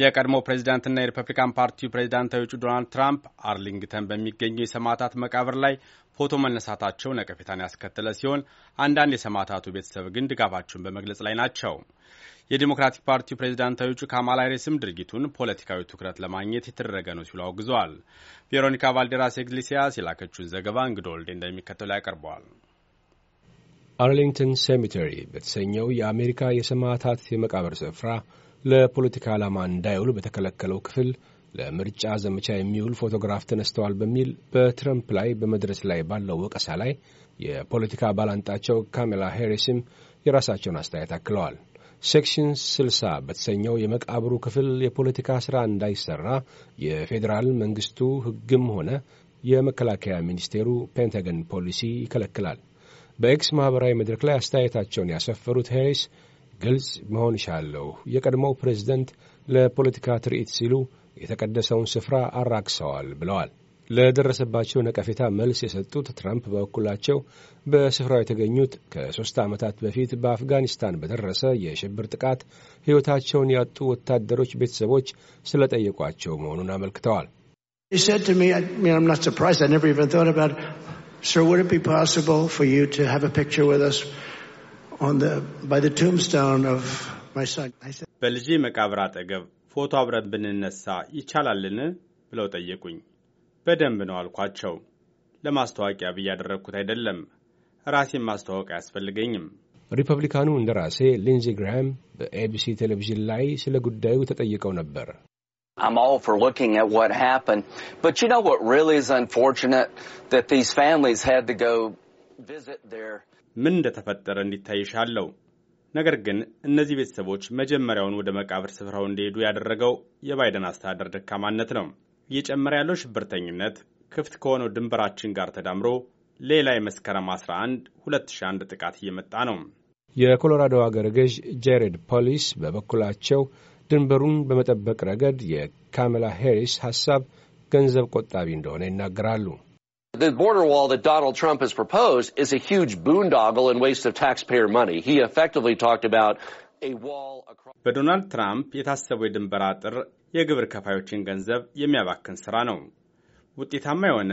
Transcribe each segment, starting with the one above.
የቀድሞ ፕሬዚዳንትና የሪፐብሊካን ፓርቲው ፕሬዚዳንታዊ እጩ ዶናልድ ትራምፕ አርሊንግተን በሚገኘው የሰማዕታት መቃብር ላይ ፎቶ መነሳታቸው ነቀፌታን ያስከተለ ሲሆን አንዳንድ የሰማዕታቱ ቤተሰብ ግን ድጋፋቸውን በመግለጽ ላይ ናቸው። የዲሞክራቲክ ፓርቲው ፕሬዚዳንታዊ እጩ ካማላ ሃሪስም ድርጊቱን ፖለቲካዊ ትኩረት ለማግኘት የተደረገ ነው ሲሉ አውግዘዋል። ቬሮኒካ ቫልዴራስ ኤግሊሲያስ የላከችውን ዘገባ እንግዶ ወልዴ እንደሚከተሉ ያቀርበዋል። አርሊንግተን ሴሚተሪ በተሰኘው የአሜሪካ የሰማዕታት የመቃብር ስፍራ ለፖለቲካ ዓላማ እንዳይውል በተከለከለው ክፍል ለምርጫ ዘመቻ የሚውል ፎቶግራፍ ተነስተዋል በሚል በትረምፕ ላይ በመድረስ ላይ ባለው ወቀሳ ላይ የፖለቲካ ባላንጣቸው ካሜላ ሄሪስም የራሳቸውን አስተያየት አክለዋል። ሴክሽን 60 በተሰኘው የመቃብሩ ክፍል የፖለቲካ ሥራ እንዳይሠራ የፌዴራል መንግሥቱ ሕግም ሆነ የመከላከያ ሚኒስቴሩ ፔንታገን ፖሊሲ ይከለክላል። በኤክስ ማኅበራዊ መድረክ ላይ አስተያየታቸውን ያሰፈሩት ሄሪስ ግልጽ መሆን ይሻለሁ፣ የቀድሞው ፕሬዝደንት ለፖለቲካ ትርኢት ሲሉ የተቀደሰውን ስፍራ አራክሰዋል ብለዋል። ለደረሰባቸው ነቀፌታ መልስ የሰጡት ትራምፕ በበኩላቸው በስፍራው የተገኙት ከሦስት ዓመታት በፊት በአፍጋኒስታን በደረሰ የሽብር ጥቃት ሕይወታቸውን ያጡ ወታደሮች ቤተሰቦች ስለጠየቋቸው መሆኑን አመልክተዋል። Sir, would it be possible for you to have a picture with us on the, by the tombstone of my son? በልጄ መቃብር አጠገብ ፎቶ አብረን ብንነሳ ይቻላልን ብለው ጠየቁኝ። በደንብ ነው አልኳቸው። ለማስታወቂያ ብዬ ያደረግኩት አይደለም። ራሴን ማስተዋወቅ አያስፈልገኝም። ሪፐብሊካኑ እንደራሴ ሊንዚ ግራሃም በኤቢሲ ቴሌቪዥን ላይ ስለ ጉዳዩ ተጠይቀው ነበር። I'm all for looking at what happened. But you know what really is unfortunate? That these families had to go visit their ምን እንደተፈጠረ እንዲታይ ይሻለው። ነገር ግን እነዚህ ቤተሰቦች መጀመሪያውን ወደ መቃብር ስፍራው እንዲሄዱ ያደረገው የባይደን አስተዳደር ደካማነት ነው። እየጨመረ ያለው ሽብርተኝነት ክፍት ከሆነው ድንበራችን ጋር ተዳምሮ ሌላ የመስከረም 11 2001 ጥቃት እየመጣ ነው። የኮሎራዶ አገረ ገዥ ጄሬድ ፖሊስ በበኩላቸው ድንበሩን በመጠበቅ ረገድ የካሜላ ሄሪስ ሐሳብ ገንዘብ ቆጣቢ እንደሆነ ይናገራሉ። በዶናልድ ትራምፕ የታሰበው የድንበር አጥር የግብር ከፋዮችን ገንዘብ የሚያባክን ሥራ ነው። ውጤታማ የሆነ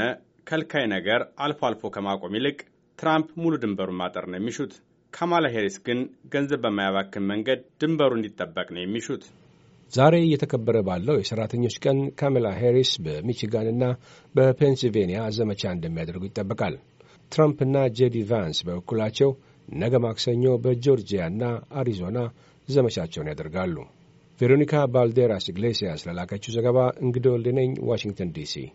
ከልካይ ነገር አልፎ አልፎ ከማቆም ይልቅ ትራምፕ ሙሉ ድንበሩን ማጠር ነው የሚሹት። ካማላ ሄሪስ ግን ገንዘብ በማያባክን መንገድ ድንበሩ እንዲጠበቅ ነው የሚሹት። ዛሬ እየተከበረ ባለው የሰራተኞች ቀን ካሜላ ሄሪስ በሚቺጋንና በፔንሲልቬንያ ዘመቻ እንደሚያደርጉ ይጠበቃል። ትራምፕና ጄዲ ቫንስ በበኩላቸው ነገ ማክሰኞ በጆርጂያና አሪዞና ዘመቻቸውን ያደርጋሉ። ቬሮኒካ ባልዴራስ ኢግሌሲያስ ለላከችው ዘገባ እንግዶ ዋሽንግተን ዲሲ